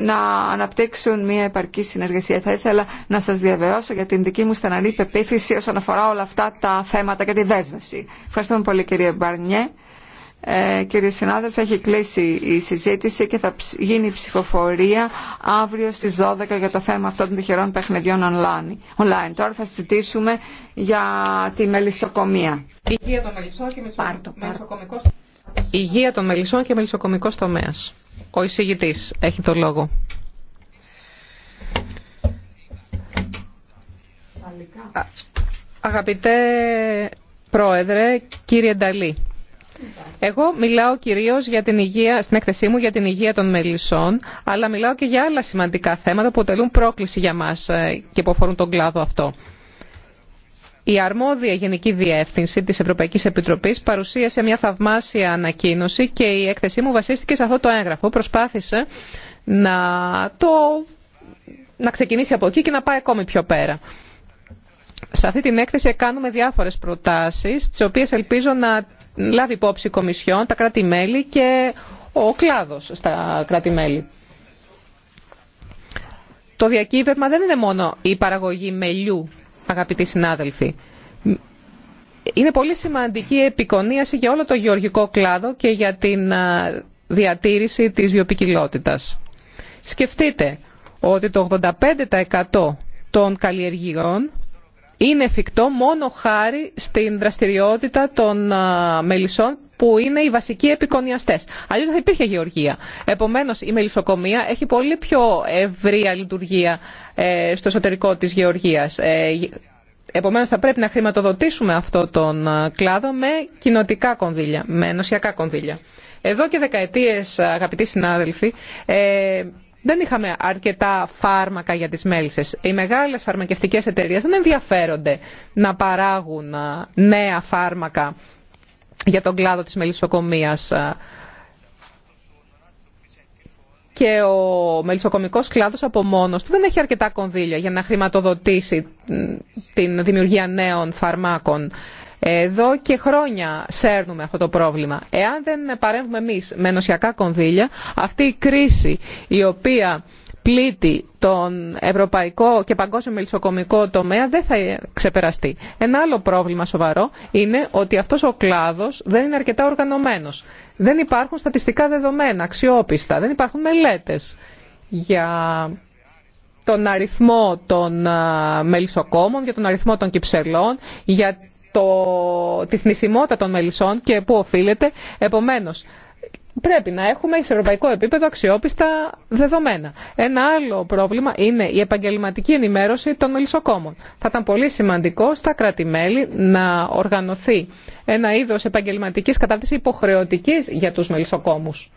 να αναπτύξουν μια επαρκή συνεργασία. Θα ήθελα να σας διαβεβαιώσω για την δική μου στεναρή πεποίθηση όσον αφορά όλα αυτά τα θέματα και τη δέσμευση. Ευχαριστούμε πολύ κύριε Μπαρνιέ. Ε, κύριε συνάδελφε, έχει κλείσει η συζήτηση και θα γίνει η ψηφοφορία αύριο στις 12 για το θέμα αυτών των τυχερών παιχνιδιών online. Τώρα θα συζητήσουμε για τη μελισσοκομία. Υγεία των και Υγεία των μελισσών και μελισσοκομικό τομέα. Ο εισήγητή έχει το λόγο. Αγαπητέ Πρόεδρε, κύριε Νταλή, εγώ μιλάω κυρίως για την υγεία, στην έκθεσή μου για την υγεία των μελισσών, αλλά μιλάω και για άλλα σημαντικά θέματα που αποτελούν πρόκληση για μας ε, και που αφορούν τον κλάδο αυτό. Η αρμόδια Γενική Διεύθυνση της Ευρωπαϊκής Επιτροπής παρουσίασε μια θαυμάσια ανακοίνωση και η έκθεσή μου βασίστηκε σε αυτό το έγγραφο. Προσπάθησε να, το... να ξεκινήσει από εκεί και να πάει ακόμη πιο πέρα. Σε αυτή την έκθεση κάνουμε διάφορες προτάσεις, τις οποίες ελπίζω να λάβει υπόψη η Κομισιόν, τα κράτη-μέλη και ο κλάδος στα κράτη-μέλη. Το διακύβευμα δεν είναι μόνο η παραγωγή μελιού αγαπητοί συνάδελφοι. Είναι πολύ σημαντική η επικονίαση για όλο το γεωργικό κλάδο και για την διατήρηση της βιοπικιλότητας. Σκεφτείτε ότι το 85% των καλλιεργειών είναι εφικτό μόνο χάρη στην δραστηριότητα των μελισσών που είναι οι βασικοί επικονιαστές. Αλλιώς δεν θα υπήρχε γεωργία. Επομένως η μελισσοκομεία έχει πολύ πιο ευρεία λειτουργία ε, στο εσωτερικό της γεωργίας. Ε, επομένως θα πρέπει να χρηματοδοτήσουμε αυτό τον ε, κλάδο με κοινοτικά κονδύλια, με ενωσιακά κονδύλια. Εδώ και δεκαετίες, αγαπητοί συνάδελφοι, δεν είχαμε αρκετά φάρμακα για τις μέλισσες. Οι μεγάλες φαρμακευτικές εταιρείες δεν ενδιαφέρονται να παράγουν νέα φάρμακα για τον κλάδο της μελισσοκομείας. Και ο μελισσοκομικός κλάδος από μόνος του δεν έχει αρκετά κονδύλια για να χρηματοδοτήσει την δημιουργία νέων φαρμάκων. Εδώ και χρόνια σέρνουμε αυτό το πρόβλημα. Εάν δεν παρέμβουμε εμείς με ενωσιακά κονδύλια, αυτή η κρίση η οποία πλήττει τον ευρωπαϊκό και παγκόσμιο μελισσοκομικό τομέα δεν θα ξεπεραστεί. Ένα άλλο πρόβλημα σοβαρό είναι ότι αυτός ο κλάδος δεν είναι αρκετά οργανωμένος. Δεν υπάρχουν στατιστικά δεδομένα, αξιόπιστα, δεν υπάρχουν μελέτες για τον αριθμό των μελισσοκόμων, για τον αριθμό των κυψελών, για το, τη θνησιμότητα των μελισσών και πού οφείλεται. Επομένως, πρέπει να έχουμε σε ευρωπαϊκό επίπεδο αξιόπιστα δεδομένα. Ένα άλλο πρόβλημα είναι η επαγγελματική ενημέρωση των μελισσοκόμων. Θα ήταν πολύ σημαντικό στα κράτη-μέλη να οργανωθεί ένα είδος επαγγελματικής κατάρτιση υποχρεωτικής για του μελισσοκόμους.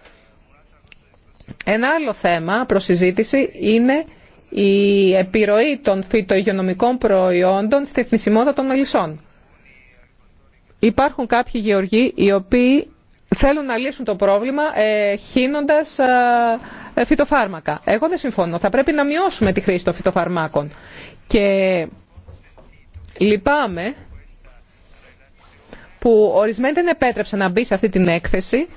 Ένα άλλο θέμα προσυζήτηση είναι η επιρροή των φυτοϊγειονομικών προϊόντων στη θνησιμότητα των μελισσών. Υπάρχουν κάποιοι γεωργοί οι οποίοι θέλουν να λύσουν το πρόβλημα ε, χύνοντας ε, ε, φυτοφάρμακα. Εγώ δεν συμφωνώ. Θα πρέπει να μειώσουμε τη χρήση των φυτοφαρμάκων. Και λυπάμαι που ορισμένοι δεν επέτρεψαν να μπει σε αυτή την έκθεση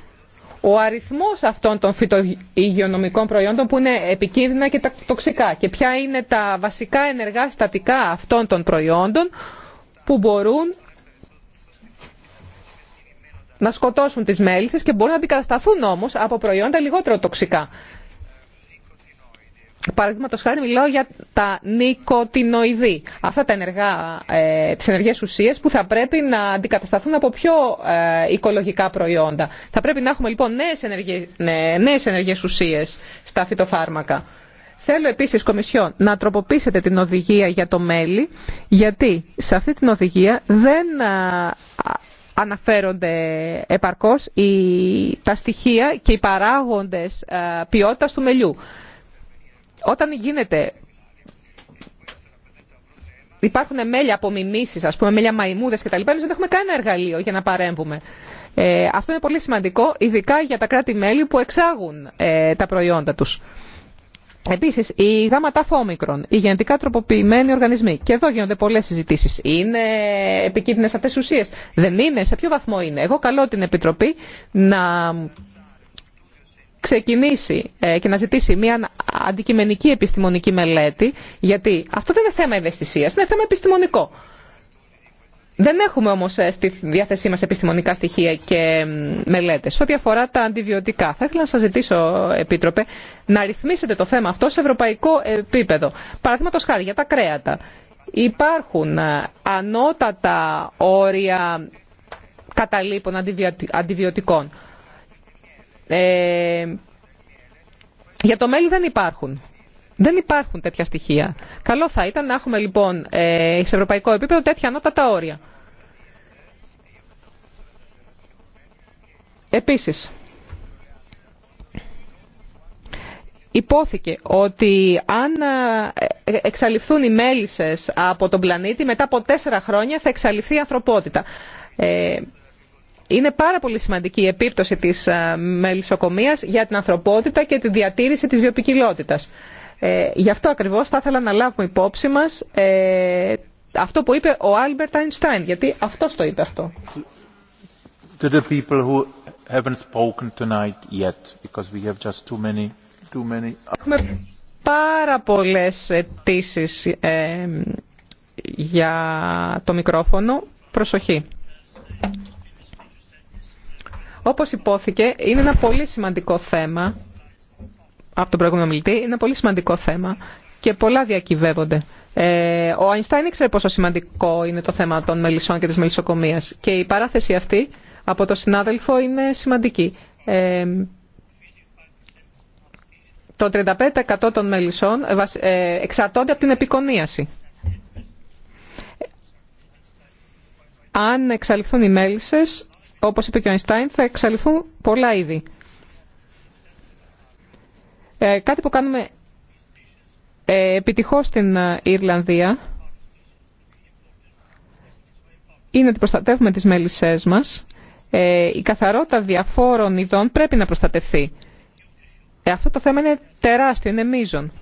ο αριθμός αυτών των φυτοϊγειονομικών προϊόντων που είναι επικίνδυνα και τοξικά και ποια είναι τα βασικά ενεργά στατικά αυτών των προϊόντων που μπορούν να σκοτώσουν τις μέλισσες και μπορούν να αντικατασταθούν όμως από προϊόντα λιγότερο τοξικά. Παραδείγματο χάρη μιλάω για τα νοικοτινοειδή, αυτά τα ενεργά, ε, τις ενεργές ουσίες που θα πρέπει να αντικατασταθούν από πιο ε, οικολογικά προϊόντα. Θα πρέπει να έχουμε λοιπόν νέες ενεργές, ναι, νέες ενεργές ουσίες στα φυτοφάρμακα. Θέλω επίσης, Κομισιόν, να τροποποιήσετε την οδηγία για το μέλι, γιατί σε αυτή την οδηγία δεν ε, αναφέρονται επαρκώς οι, τα στοιχεία και οι παράγοντες ε, ποιότητας του μελιού. Όταν γίνεται υπάρχουν μέλια από μιμήσεις, ας πούμε μέλια μαϊμούδες κτλ. Εμείς δεν έχουμε κανένα εργαλείο για να παρέμβουμε. Ε, αυτό είναι πολύ σημαντικό, ειδικά για τα κράτη-μέλη που εξάγουν ε, τα προϊόντα τους. Επίση, οι γάματα φόμικρον, οι γενετικά τροποποιημένοι οργανισμοί. Και εδώ γίνονται πολλέ συζητήσει. Είναι επικίνδυνε αυτέ οι Δεν είναι. Σε ποιο βαθμό είναι. Εγώ καλώ την Επιτροπή να ξεκινήσει ε, και να ζητήσει μια αντικειμενική επιστημονική μελέτη, γιατί αυτό δεν είναι θέμα ευαισθησίας, είναι θέμα επιστημονικό. Δεν έχουμε όμως ε, στη διάθεσή μας επιστημονικά στοιχεία και μελέτες. Ό,τι αφορά τα αντιβιωτικά, θα ήθελα να σας ζητήσω, Επίτροπε, να ρυθμίσετε το θέμα αυτό σε ευρωπαϊκό επίπεδο. Παραδείγματος χάρη για τα κρέατα. Υπάρχουν ε, ανώτατα όρια καταλήπων αντιβιωτικών. Ε, για το μέλι δεν υπάρχουν. Δεν υπάρχουν τέτοια στοιχεία. Καλό θα ήταν να έχουμε λοιπόν ε, σε ευρωπαϊκό επίπεδο τέτοια ανώτατα όρια. Επίσης, υπόθηκε ότι αν ε, εξαλειφθούν οι μέλισσες από τον πλανήτη, μετά από τέσσερα χρόνια θα εξαλειφθεί η ανθρωπότητα. Ε, είναι πάρα πολύ σημαντική η επίπτωση της μελισσοκομείας για την ανθρωπότητα και τη διατήρηση της βιοπικιλότητας. Ε, γι' αυτό ακριβώς θα ήθελα να λάβουμε υπόψη μας ε, αυτό που είπε ο Άλμπερτ Αϊνστάιν, γιατί αυτός το είπε αυτό. Έχουμε πάρα πολλές αιτήσει ε, για το μικρόφωνο. Προσοχή. Όπως υπόθηκε, είναι ένα πολύ σημαντικό θέμα από τον προηγούμενο μιλητή, είναι ένα πολύ σημαντικό θέμα και πολλά διακυβεύονται. Ε, ο Αϊνστάιν ήξερε πόσο σημαντικό είναι το θέμα των μελισσών και της μελισσοκομίας και η παράθεση αυτή από τον συνάδελφο είναι σημαντική. Ε, το 35% των μελισσών ε, εξαρτώνται από την επικονίαση. Αν εξαλειφθούν οι μέλισσες, όπως είπε και ο Αϊνστάιν, θα εξαλειφθούν πολλά είδη. Ε, κάτι που κάνουμε ε, επιτυχώς στην ε, Ιρλανδία είναι ότι προστατεύουμε τις μέλισσές μας. η καθαρότητα διαφόρων ειδών πρέπει να προστατευθεί. αυτό το θέμα είναι τεράστιο, είναι μείζον.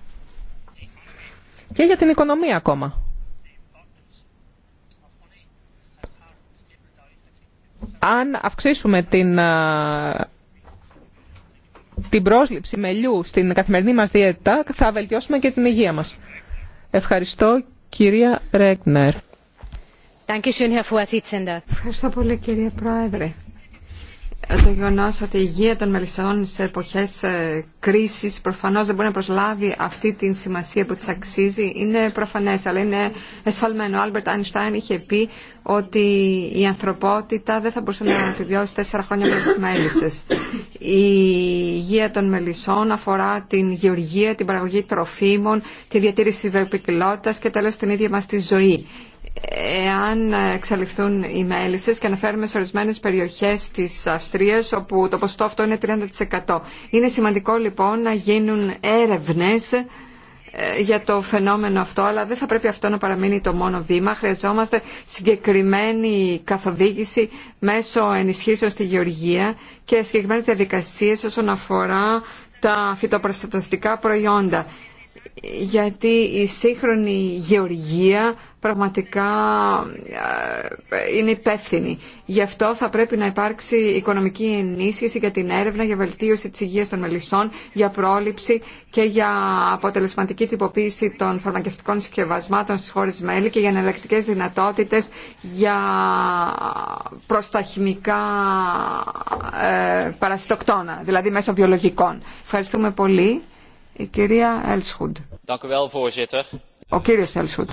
Και για την οικονομία ακόμα. Αν αυξήσουμε την την πρόσληψη μελιού στην καθημερινή μας διέτα θα βελτιώσουμε και την υγεία μας. Ευχαριστώ κυρία Ρέγνερ. Ευχαριστώ πολύ κυρία Πρόεδρε το γεγονό ότι η υγεία των μελισσών σε εποχέ ε, κρίσης προφανώς δεν μπορεί να προσλάβει αυτή την σημασία που της αξίζει είναι προφανές, αλλά είναι εσφαλμένο. Ο Άλμπερτ Άινστάιν είχε πει ότι η ανθρωπότητα δεν θα μπορούσε να επιβιώσει τέσσερα χρόνια με τι μελισσές. Η υγεία των μελισσών αφορά την γεωργία, την παραγωγή τροφίμων, τη διατήρηση της βιοπικιλότητα και τέλος την ίδια μας τη ζωή εάν εξαλειφθούν οι μέλισσες και αναφέρουμε σε ορισμένες περιοχές της Αυστρίας όπου το ποσοστό αυτό είναι 30%. Είναι σημαντικό λοιπόν να γίνουν έρευνες ε, για το φαινόμενο αυτό, αλλά δεν θα πρέπει αυτό να παραμείνει το μόνο βήμα. Χρειαζόμαστε συγκεκριμένη καθοδήγηση μέσω ενισχύσεων στη γεωργία και συγκεκριμένες διαδικασίες όσον αφορά τα φυτοπροστατευτικά προϊόντα γιατί η σύγχρονη γεωργία πραγματικά ε, είναι υπεύθυνη. Γι' αυτό θα πρέπει να υπάρξει οικονομική ενίσχυση για την έρευνα, για βελτίωση της υγείας των μελισσών, για πρόληψη και για αποτελεσματική τυποποίηση των φαρμακευτικών συσκευασμάτων στις χώρες μέλη και για εναλλακτικές δυνατότητες για ε, προσταχημικά ε, παρασιτοκτόνα, δηλαδή μέσω βιολογικών. Ευχαριστούμε πολύ voorzitter κυρία Έλσχουντ. Ο κύριος Έλσχουντ.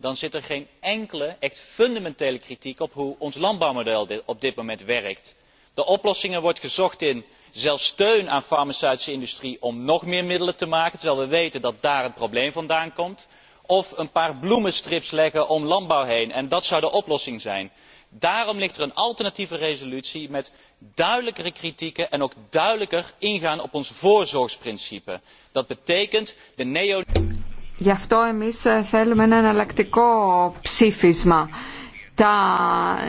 dan zit er geen enkele echt fundamentele kritiek op hoe ons landbouwmodel op dit moment werkt. de oplossingen wordt gezocht in zelfs steun aan de farmaceutische industrie om nog meer middelen te maken terwijl we weten dat daar het probleem vandaan komt of een paar bloemenstrips leggen om landbouw heen en dat zou de oplossing zijn. Γι' αυτό εμείς ε, θέλουμε ένα εναλλακτικό ψήφισμα. Τα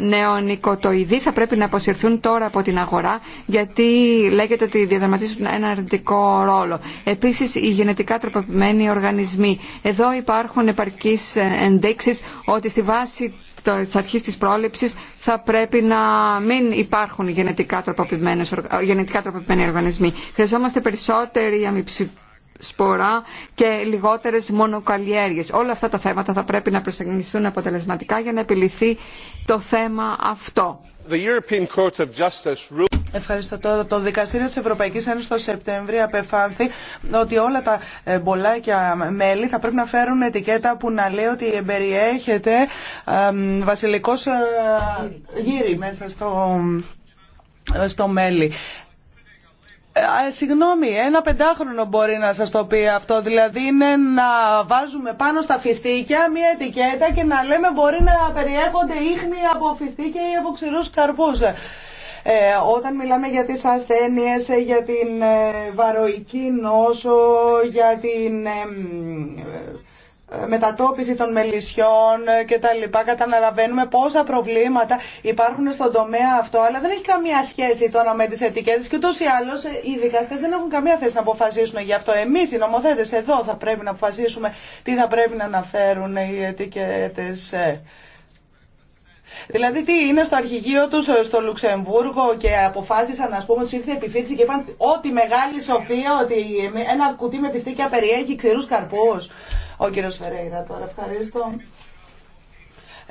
νεονικοτοειδή θα πρέπει να αποσυρθούν τώρα από την αγορά γιατί λέγεται ότι διαδραματίζουν ένα αρνητικό ρόλο. Επίσης οι γενετικά τροποποιημένοι οργανισμοί. Εδώ υπάρχουν επαρκείς ενδείξεις ότι στη βάση της αρχής της πρόληψης θα πρέπει να μην υπάρχουν γενετικά, γενετικά τροποποιημένοι οργανισμοί. Χρειαζόμαστε περισσότερη αμυψη και λιγότερες μονοκαλλιέργειες. Όλα αυτά τα θέματα θα πρέπει να προσεγγιστούν αποτελεσματικά για να επιληθεί το θέμα αυτό. Ευχαριστώ. Το, το Δικαστήριο τη Ευρωπαϊκής Ένωση το Σεπτέμβριο απεφάνθη ότι όλα τα ε, μπολάκια μέλη θα πρέπει να φέρουν ετικέτα που να λέει ότι εμπεριέχεται βασιλικός ε, γύρι μέσα στο, ε, στο μέλι. συγγνώμη, ένα πεντάχρονο μπορεί να σας το πει αυτό. Δηλαδή είναι να βάζουμε πάνω στα φιστίκια μία ετικέτα και να λέμε μπορεί να περιέχονται ίχνη από φιστίκια ή από ξηρούς καρπούς. Ε, όταν μιλάμε για τις ασθένειες, ε, για την ε, βαροϊκή νόσο, για την μετατόπιση των μελισσιών και τα λοιπά. Καταλαβαίνουμε πόσα προβλήματα υπάρχουν στον τομέα αυτό, αλλά δεν έχει καμία σχέση τώρα με τις ετικέτες. και ούτως ή άλλως οι δικαστέ δεν έχουν καμία θέση να αποφασίσουν γι' αυτό. Εμείς οι νομοθέτε εδώ θα πρέπει να αποφασίσουμε τι θα πρέπει να αναφέρουν οι ετικέτε. Δηλαδή τι είναι στο αρχηγείο τους ε, στο Λουξεμβούργο και αποφάσισαν να πούμε τους ήρθε επιφύτηση και είπαν ότι μεγάλη σοφία ότι ένα κουτί με πιστίκια περιέχει ξερούς καρπούς. Ο κύριος Φερέιρα τώρα ευχαριστώ.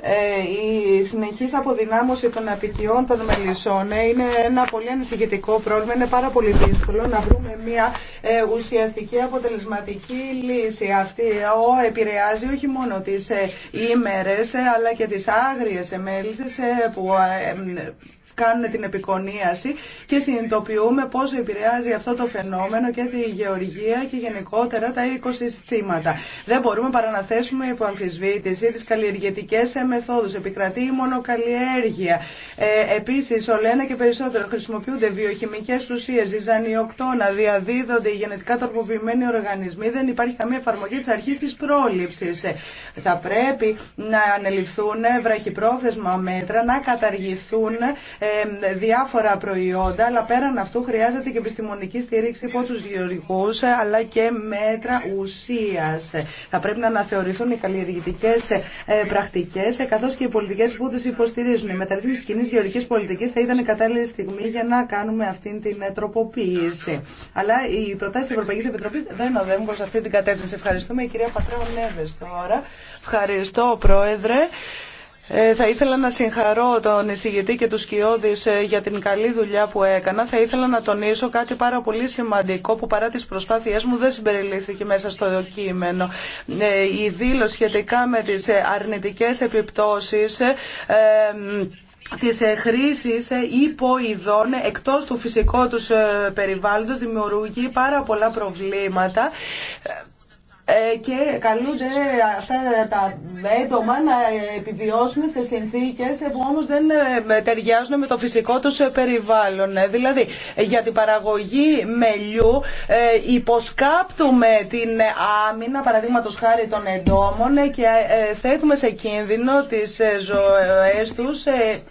Ε, η συνεχής αποδυνάμωση των απικιών των μελισσών ε, είναι ένα πολύ ανησυχητικό πρόβλημα. Είναι πάρα πολύ δύσκολο να βρούμε μια ε, ουσιαστική αποτελεσματική λύση. Αυτή ο, επηρεάζει όχι μόνο τις ε, ημέρες αλλά και τις άγριες μέλισσες που κάνουν την επικονίαση και συνειδητοποιούμε πόσο επηρεάζει αυτό το φαινόμενο και τη γεωργία και γενικότερα τα οικοσυστήματα. Δεν μπορούμε παρά να θέσουμε υπό αμφισβήτηση τι καλλιεργητικέ ε, μεθόδου. Επικρατεί η μονοκαλλιέργεια. Ε, Επίση, ολένα και περισσότερο χρησιμοποιούνται βιοχημικέ ουσίε, ζυζανιοκτώνα, διαδίδονται οι γενετικά τροποποιημένοι οργανισμοί. Δεν υπάρχει καμία εφαρμογή τη αρχή τη πρόληψη. Ε, θα πρέπει να ανεληφθούν βραχυπρόθεσμα μέτρα, να καταργηθούν ε, ε, διάφορα προϊόντα, αλλά πέραν αυτού χρειάζεται και επιστημονική στήριξη από τους γεωργικούς, ε, αλλά και μέτρα ουσίας. Θα πρέπει να αναθεωρηθούν οι καλλιεργητικές ε, πρακτικές, καθώς και οι πολιτικές που τους υποστηρίζουν. Η μεταρρύθμιση κοινή γεωργικής πολιτικής θα ήταν η κατάλληλη στιγμή για να κάνουμε αυτή την τροποποίηση. Αλλά οι προτάσει τη Ευρωπαϊκή Επιτροπή δεν οδεύουν προ αυτή την κατεύθυνση. Ευχαριστούμε η κυρία Πατρέων τώρα. Ευχαριστώ, Πρόεδρε. Ε, θα ήθελα να συγχαρώ τον εισηγητή και τους Σκιώδης ε, για την καλή δουλειά που έκανα. Θα ήθελα να τονίσω κάτι πάρα πολύ σημαντικό που παρά τις προσπάθειές μου δεν συμπεριλήφθηκε μέσα στο κείμενο. Ε, η δήλωση σχετικά με τις αρνητικές επιπτώσεις της χρήσης υποειδών εκτός του φυσικού τους περιβάλλοντος δημιουργεί πάρα πολλά προβλήματα ε, και καλούνται αυτά τα έντομα να επιβιώσουν σε συνθήκες που όμως δεν ε, ταιριάζουν με το φυσικό τους περιβάλλον. Ε, δηλαδή για την παραγωγή μελιού υποσκάπτουμε την άμυνα παραδείγματος χάρη των εντόμων και θέτουμε σε κίνδυνο τις ζωές τους,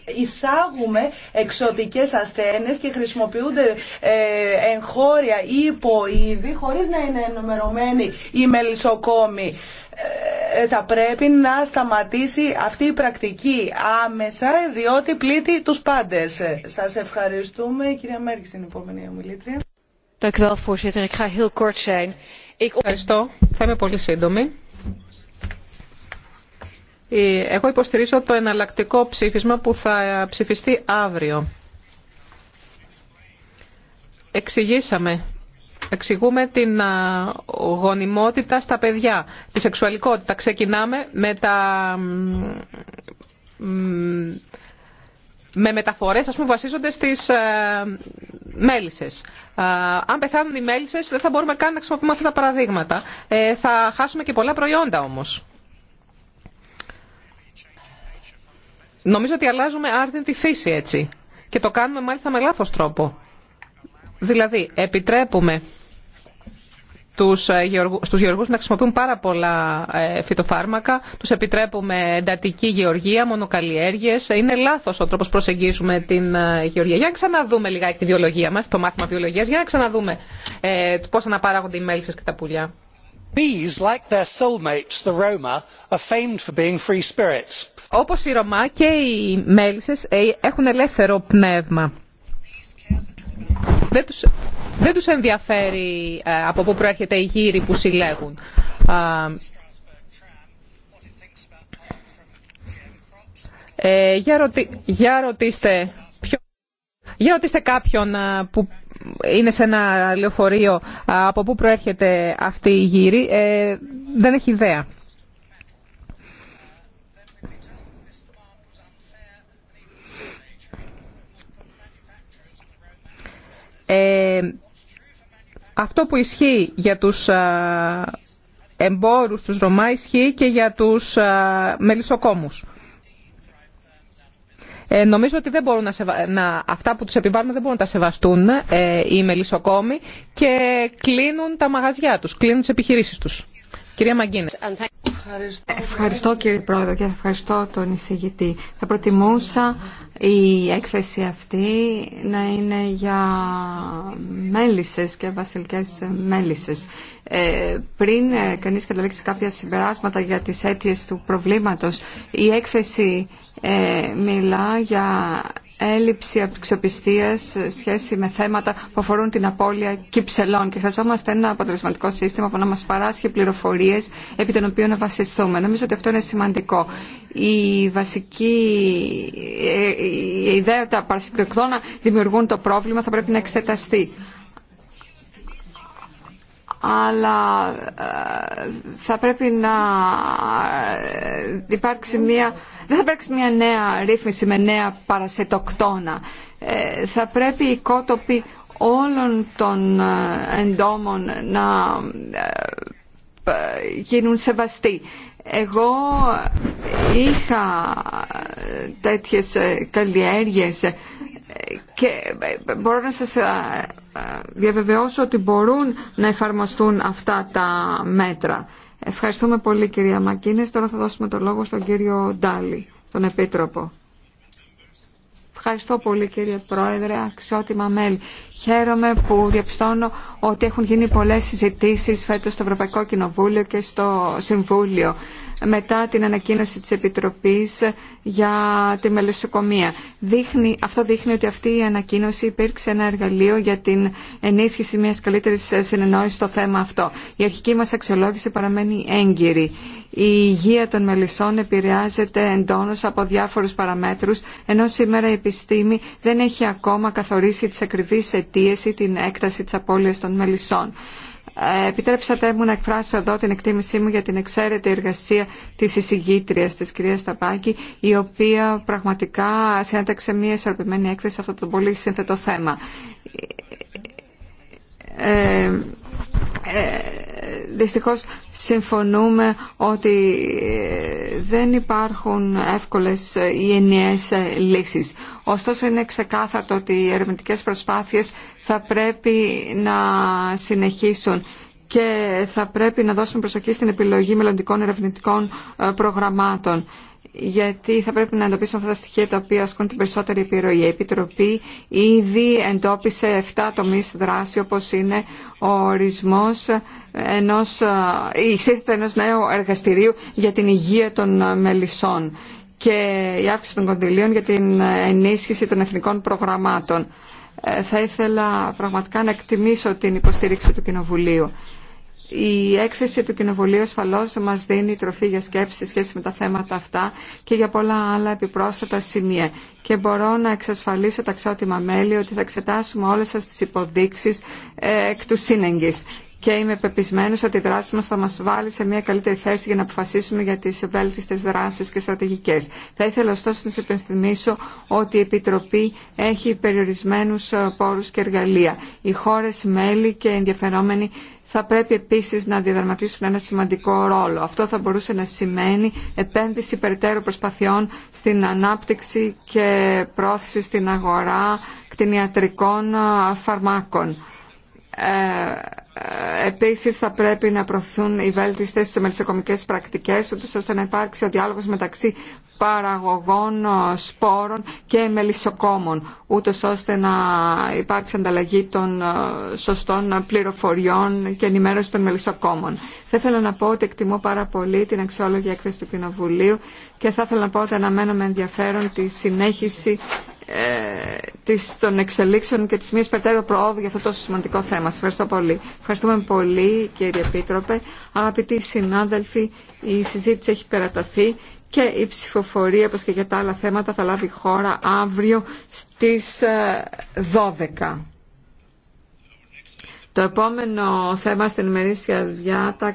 εισάγουμε εξωτικές ασθένειες και χρησιμοποιούνται εγχώρια ή υποείδη χωρίς να είναι ενημερωμένοι οι ε, θα πρέπει να σταματήσει αυτή η πρακτική άμεσα διότι πλήττει τους πάντες. Σας ευχαριστούμε. κυρία Μέρκη στην επόμενη ομιλήτρια. Ευχαριστώ. Θα είμαι πολύ σύντομη. Εγώ υποστηρίζω το εναλλακτικό ψήφισμα που θα ψηφιστεί αύριο. Εξηγήσαμε εξηγούμε την γονιμότητα στα παιδιά, τη σεξουαλικότητα. Ξεκινάμε με τα... Με μεταφορές, ας πούμε, βασίζονται στις ε, μέλισσες. αν πεθάνουν οι μέλισσες, δεν θα μπορούμε καν να χρησιμοποιούμε αυτά τα παραδείγματα. Ε, θα χάσουμε και πολλά προϊόντα, όμως. Νομίζω ότι αλλάζουμε άρδιν τη φύση έτσι. Και το κάνουμε μάλιστα με λάθος τρόπο. Δηλαδή, επιτρέπουμε τους ε, γεωργού, στους γεωργούς να χρησιμοποιούν πάρα πολλά ε, φυτοφάρμακα, τους επιτρέπουμε εντατική γεωργία, μονοκαλλιέργειες. Είναι λάθος ο τρόπος προσεγγίζουμε την ε, γεωργία. Για να ξαναδούμε λιγάκι τη βιολογία μας, το μάθημα βιολογίας, για να ξαναδούμε ε, πώς αναπαράγονται οι μέλισσες και τα πουλιά. Bees, like Όπως οι Ρωμά και οι μέλισσες έχουν ελεύθερο πνεύμα. Δεν τους ενδιαφέρει ε, από πού προέρχεται η γύρι που συλλέγουν. Ε, για, για, ρωτήστε για ρωτήστε κάποιον ε, που είναι σε ένα λεωφορείο ε, από πού προέρχεται αυτή η γύρι. Ε, δεν έχει ιδέα. Ε, αυτό που ισχύει για τους ε, εμπόρους, τους Ρωμά, ισχύει και για τους ε, μελισσοκόμους. Ε, νομίζω ότι δεν μπορούν να να... αυτά που τους επιβάλλουν δεν μπορούν να τα σεβαστούν ε, οι μελισσοκόμοι και κλείνουν τα μαγαζιά τους, κλείνουν τις επιχειρήσεις τους. Ευχαριστώ. κύριε Πρόεδρο και ευχαριστώ τον εισηγητή. Θα προτιμούσα η έκθεση αυτή να είναι για μέλισσες και βασιλικές μέλισσες. Ε, πριν ε, κανείς καταλήξει κάποια συμπεράσματα για τις αίτιες του προβλήματος, η έκθεση ε, μιλά για έλλειψη σε σχέση με θέματα που αφορούν την απώλεια κυψελών και χρειαζόμαστε ένα αποτελεσματικό σύστημα που να μας παράσχει πληροφορίες επί των οποίων να βασιστούμε. Νομίζω ότι αυτό είναι σημαντικό. Η βασική ε, η ιδέα ότι τα παρασυντεκτόνα δημιουργούν το πρόβλημα θα πρέπει να εξεταστεί αλλά ε, θα πρέπει να ε, υπάρξει μια δεν θα υπάρξει μια νέα ρύθμιση με νέα παρασετοκτόνα. Ε, θα πρέπει οι κότοποι όλων των ε, εντόμων να ε, γίνουν σεβαστοί. Εγώ είχα τέτοιες καλλιέργειες και μπορώ να σας διαβεβαιώσω ότι μπορούν να εφαρμοστούν αυτά τα μέτρα. Ευχαριστούμε πολύ κυρία Μακίνες. Τώρα θα δώσουμε το λόγο στον κύριο Ντάλι, τον Επίτροπο. Ευχαριστώ πολύ κύριε Πρόεδρε, αξιότιμα μέλη. Χαίρομαι που διαπιστώνω ότι έχουν γίνει πολλές συζητήσεις φέτος στο Ευρωπαϊκό Κοινοβούλιο και στο Συμβούλιο μετά την ανακοίνωση της Επιτροπής για τη μελισσοκομεία. Δείχνει, αυτό δείχνει ότι αυτή η ανακοίνωση υπήρξε ένα εργαλείο για την ενίσχυση μιας καλύτερης συνεννόησης στο θέμα αυτό. Η αρχική μας αξιολόγηση παραμένει έγκυρη. Η υγεία των μελισσών επηρεάζεται εντόνως από διάφορους παραμέτρους, ενώ σήμερα η επιστήμη δεν έχει ακόμα καθορίσει τις ακριβείς αιτίες ή την έκταση της απώλειας των μελισσών. Επιτρέψατε μου να εκφράσω εδώ την εκτίμησή μου για την εξαίρετη εργασία της εισηγήτριας της κυρίας Σταπάκη, η οποία πραγματικά συνέταξε μια ισορροπημένη έκθεση σε αυτό το πολύ σύνθετο θέμα. Ε, ε, δυστυχώς συμφωνούμε ότι ε, δεν υπάρχουν εύκολες ε, ή ενιαίες ε, λύσεις. Ωστόσο είναι ξεκάθαρτο ότι οι ερευνητικές προσπάθειες θα πρέπει να συνεχίσουν και θα πρέπει να δώσουμε προσοχή στην επιλογή μελλοντικών ερευνητικών προγραμμάτων γιατί θα πρέπει να εντοπίσουμε αυτά τα στοιχεία τα οποία ασκούν την περισσότερη επιρροή. Η Επιτροπή ήδη εντόπισε 7 τομείς δράση όπως είναι ο ορισμός ενός, η ενός νέου εργαστηρίου για την υγεία των μελισσών και η αύξηση των κονδυλίων για την ενίσχυση των εθνικών προγραμμάτων. Ε, θα ήθελα πραγματικά να εκτιμήσω την υποστήριξη του Κοινοβουλίου. Η έκθεση του Κοινοβουλίου ασφαλώ μα δίνει τροφή για σκέψη σε σχέση με τα θέματα αυτά και για πολλά άλλα επιπρόσθετα σημεία. Και μπορώ να εξασφαλίσω ταξότιμα μέλη ότι θα εξετάσουμε όλε σα τι υποδείξει ε, εκ του σύνεγγυ. Και είμαι πεπισμένο ότι η δράση μα θα μα βάλει σε μια καλύτερη θέση για να αποφασίσουμε για τι ευέλθιστε δράσει και στρατηγικέ. Θα ήθελα ωστόσο να σα υπενθυμίσω ότι η Επιτροπή έχει περιορισμένου ε, πόρου και εργαλεία. Οι χώρε, μέλη και ενδιαφερόμενοι θα πρέπει επίσης να διαδραματίσουν ένα σημαντικό ρόλο. Αυτό θα μπορούσε να σημαίνει επένδυση περαιτέρω προσπαθειών στην ανάπτυξη και πρόθεση στην αγορά κτηνιατρικών φαρμάκων. Ε, ε, επίσης θα πρέπει να προωθούν οι βέλτιστες σε μελισσοκομικές πρακτικές ώστε να υπάρξει ο διάλογος μεταξύ παραγωγών ε, σπόρων και μελισσοκόμων, ούτω ώστε να υπάρξει ανταλλαγή των ε, σωστών πληροφοριών και ενημέρωση των μελισσοκόμων. Θα ήθελα να πω ότι εκτιμώ πάρα πολύ την αξιόλογη έκθεση του Κοινοβουλίου και θα ήθελα να πω ότι αναμένω με ενδιαφέρον τη συνέχιση ε, της, των εξελίξεων και της μίας περτέρου προόδου για αυτό το σημαντικό θέμα. Σας ευχαριστώ πολύ. Ευχαριστούμε πολύ κύριε Επίτροπε. Αγαπητοί συνάδελφοι, η συζήτηση έχει περαταθεί και η ψηφοφορία, όπως και για τα άλλα θέματα, θα λάβει χώρα αύριο στις 12. Ε, Το επόμενο θέμα στην ημερήσια διάταξη